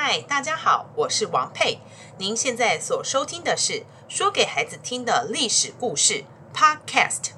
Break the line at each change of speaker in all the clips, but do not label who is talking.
嗨，Hi, 大家好，我是王佩。您現在所收聽的是《說給孩子聽的歷史故事》Podcast。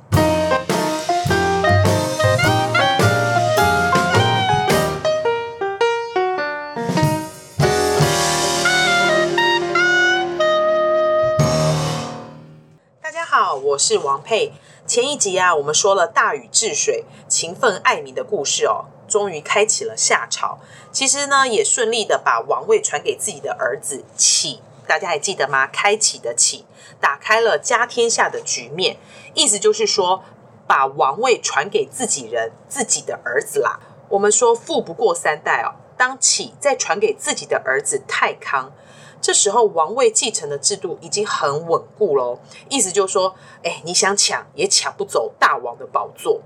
大家好，我是王佩。前一集啊，我們說了大禹治水、勤奮愛民的故事哦。終於開啟了夏朝，其實呢也順利的把王位傳給自己的兒子啟，大家還記得嗎？開啟的啟，打開了家天下的局面，意思就是說把王位傳給自己人、自己的兒子啦。我們說富不過三代哦，當啟再傳給自己的兒子太康，這時候王位繼承的制度已經很穩固咯，意思就是說，哎，你想搶也搶不走大王的寶座。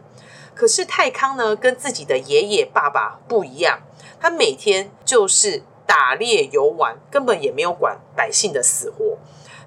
可是太康呢，跟自己的爺爺、爸爸不一樣，他每天就是打獵遊玩，根本也沒有管百姓的死活。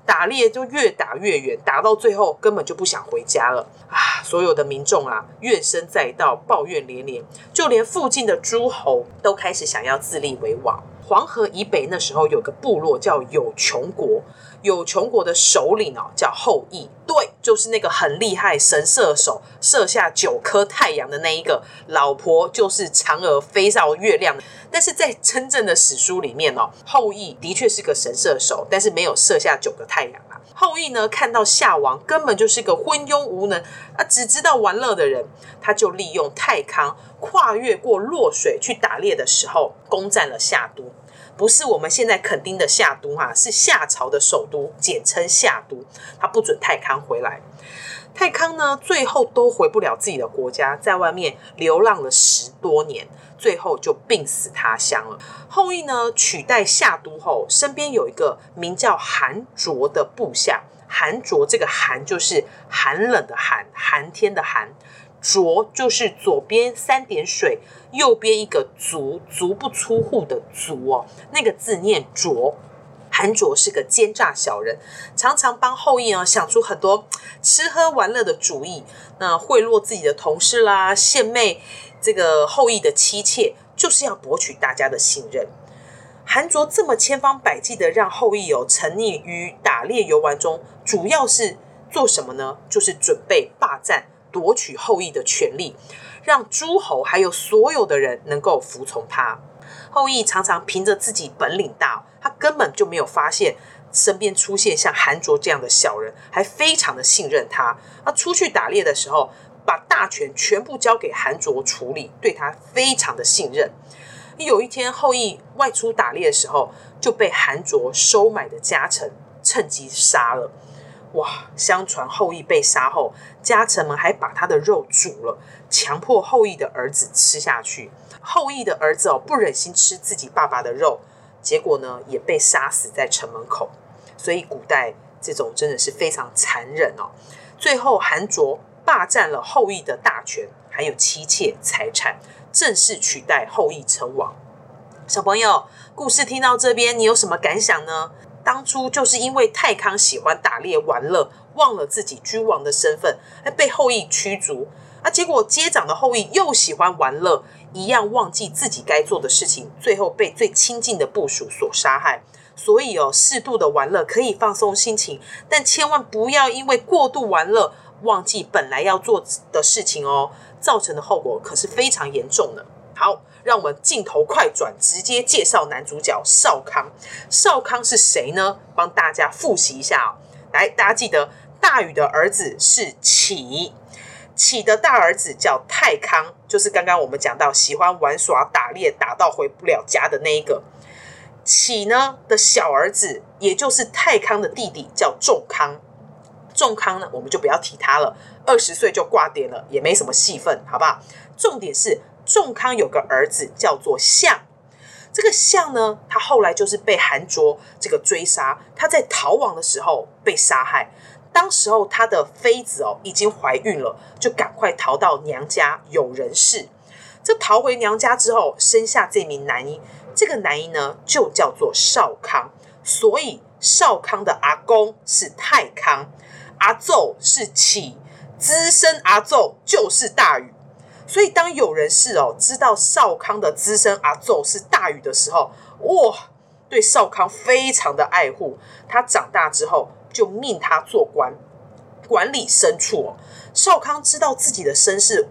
打獵就越打越遠，打到最後根本就不想回家了啊！所有的民眾啊，怨聲載道，抱怨連連，就連附近的諸侯都開始想要自立為王。黃河以北那時候有個部落叫有窮國，有窮國的首領哦、喔、叫后羿。對，就是那個很厲害神射手，射下九顆太陽的那一個，老婆就是嫦娥飛上月亮。但是在真正的史書裡面哦、喔，後羿的確是個神射手，但是沒有射下九個太陽。后羿呢，看到夏王根本就是個昏庸無能啊，只知道玩樂的人，他就利用太康跨越過洛水去打獵的時候，攻占了夏都，不是我們現在墾丁的夏都哈、啊，是夏朝的首都，簡稱夏都，他不准太康回來。太康呢，最後都回不了自己的國家，在外面流浪了十多年，最後就病死他鄉了。後羿呢，取代夏都後，身邊有一個名叫寒浞的部下。寒浞這個寒就是寒冷的寒，寒天的寒；浞就是左邊三點水，右邊一個足，足不出戶的足哦，那個字念浞。韓卓是個奸詐小人，常常幫后羿想出很多吃喝玩樂的主意，那賄賂自己的同事啦，獻媚這個後羿的妻妾，就是要博取大家的信任。韓卓這麼千方百計的讓后羿有、哦、沉溺於打獵遊玩中，主要是做什麼呢？就是準備霸占、奪取后羿的權力，讓諸侯還有所有的人能夠服從他。后羿常常憑着自己本領大，他根本就沒有發現身邊出現像寒浞這樣的小人，還非常的信任他。他出去打獵的時候，把大權全部交給寒浞處理，對他非常的信任。有一天，後羿外出打獵的時候，就被寒浞收買的家臣趁機殺了。哇！相傳后羿被殺後，家臣們還把他的肉煮了，強迫后羿的兒子吃下去。後羿的兒子哦，不忍心吃自己爸爸的肉，結果呢，也被殺死在城門口。所以古代這種真的是非常殘忍哦。最後寒浞霸佔了後羿的大權，還有妻妾財產，正式取代后羿成王。小朋友，故事聽到這邊，你有什麼感想呢？當初就是因為太康喜歡打獵玩樂，忘了自己君王的身份，而被后羿驅逐。啊，結果接掌的后羿又喜歡玩樂，一樣忘記自己該做的事情，最後被最親近的部屬所殺害。所以哦，適度的玩樂可以放鬆心情，但千萬不要因為過度玩樂，忘記本來要做的事情哦，造成的後果可是非常嚴重的。好，讓我們鏡頭快轉，直接介紹男主角少康。少康是誰呢？幫大家復習一下哦。來，大家記得，大禹的兒子是啟，啟的大兒子叫太康，就是剛剛我們講到喜歡玩耍、打獵打到回不了家的那一個。啟呢的小兒子，也就是太康的弟弟，叫仲康。仲康呢，我們就不要提他了，二十歲就掛點了，也沒什麼戲份，好不好？重點是。仲康有個兒子叫做相，這個相呢，他後來就是被寒浞這個追殺，他在逃亡的時候被殺害。當時候他的妃子哦已經懷孕了，就趕快逃到娘家有仍氏。這逃回娘家之後，生下這名男嬰，這個男嬰呢就叫做少康。所以少康的阿公是太康，阿祖是啟，資深阿祖就是大禹。所以，當有人是哦，知道少康的資深阿奏是大禹的時候，哇，對少康非常的愛護。他長大之後，就命他做官，管理牲畜哦。少康知道自己的身世，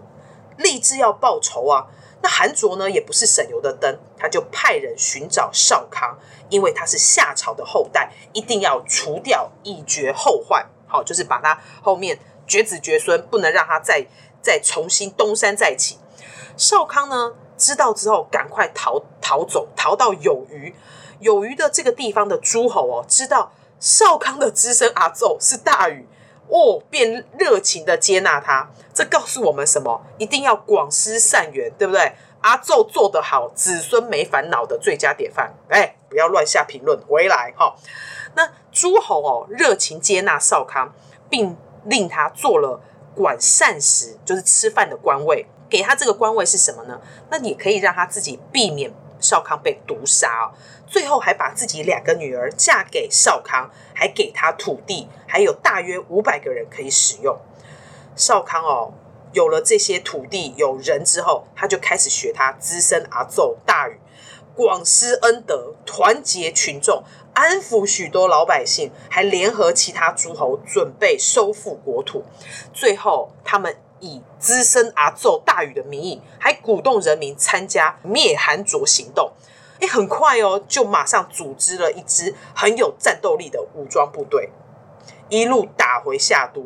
立志要報仇啊。那韓卓呢，也不是省油的燈，他就派人尋找少康，因為他是夏朝的後代，一定要除掉，以絕後患。好，就是把他後面絕子絕孫，不能讓他再。再重新東山再起。少康呢，知道之後，趕快逃逃走，逃到有虞。有虞的這個地方的諸侯哦，知道少康的資深阿奏是大禹，哦，便熱情的接納他。這告訴我們什麼？一定要廣施善緣，對不對？阿奏做得好，子孫沒煩惱的最佳典範。哎、欸，不要亂下評論，回來哈、哦。那諸侯哦，熱情接納少康，並令他做了。管膳食，就是吃飯的官位。給他這個官位是什麼呢？那你可以讓他自己避免少康被毒殺哦。最後還把自己兩個女兒嫁給少康，還給他土地，還有大約五百個人可以使用。少康哦，有了這些土地有人之後，他就開始學他滋生阿奏大禹，廣施恩德，團結群眾。安撫許多老百姓，還聯合其他諸侯準備收復國土。最後，他們以滋生阿奏大禹的名義，還鼓動人民參加滅寒浞行動。欸，很快哦，就馬上組織了一支很有戰鬥力的武裝部隊，一路打回夏都。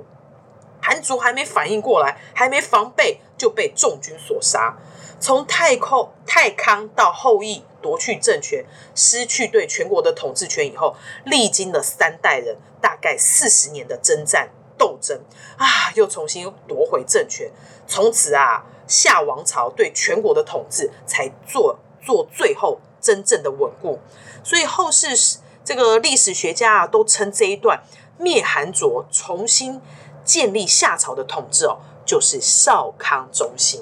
寒浞還沒反應過來，還沒防備，就被眾軍所殺。從太康太康到后羿奪去政權，失去對全國的統治權以後，歷經了三代人，大概四十年的征戰鬥爭啊，又重新奪回政權。從此啊，夏王朝對全國的統治才做做最後真正的穩固。所以後世這個歷史學家啊，都稱這一段滅寒浞，重新建立夏朝的統治哦，就是少康中興。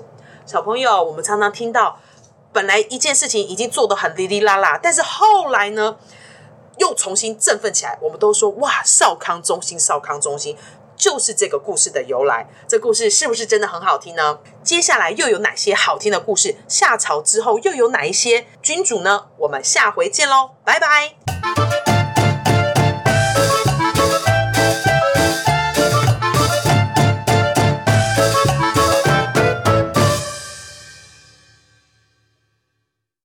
小朋友，我們常常聽到，本來一件事情已經做得很哩哩啦啦，但是後來呢，又重新振奮起來。我們都說哇，少康中興，少康中興就是這個故事的由來。這故事是不是真的很好聽呢？接下來又有哪些好聽的故事？夏朝之後又有哪一些君主呢？我們下回見嘍，拜拜。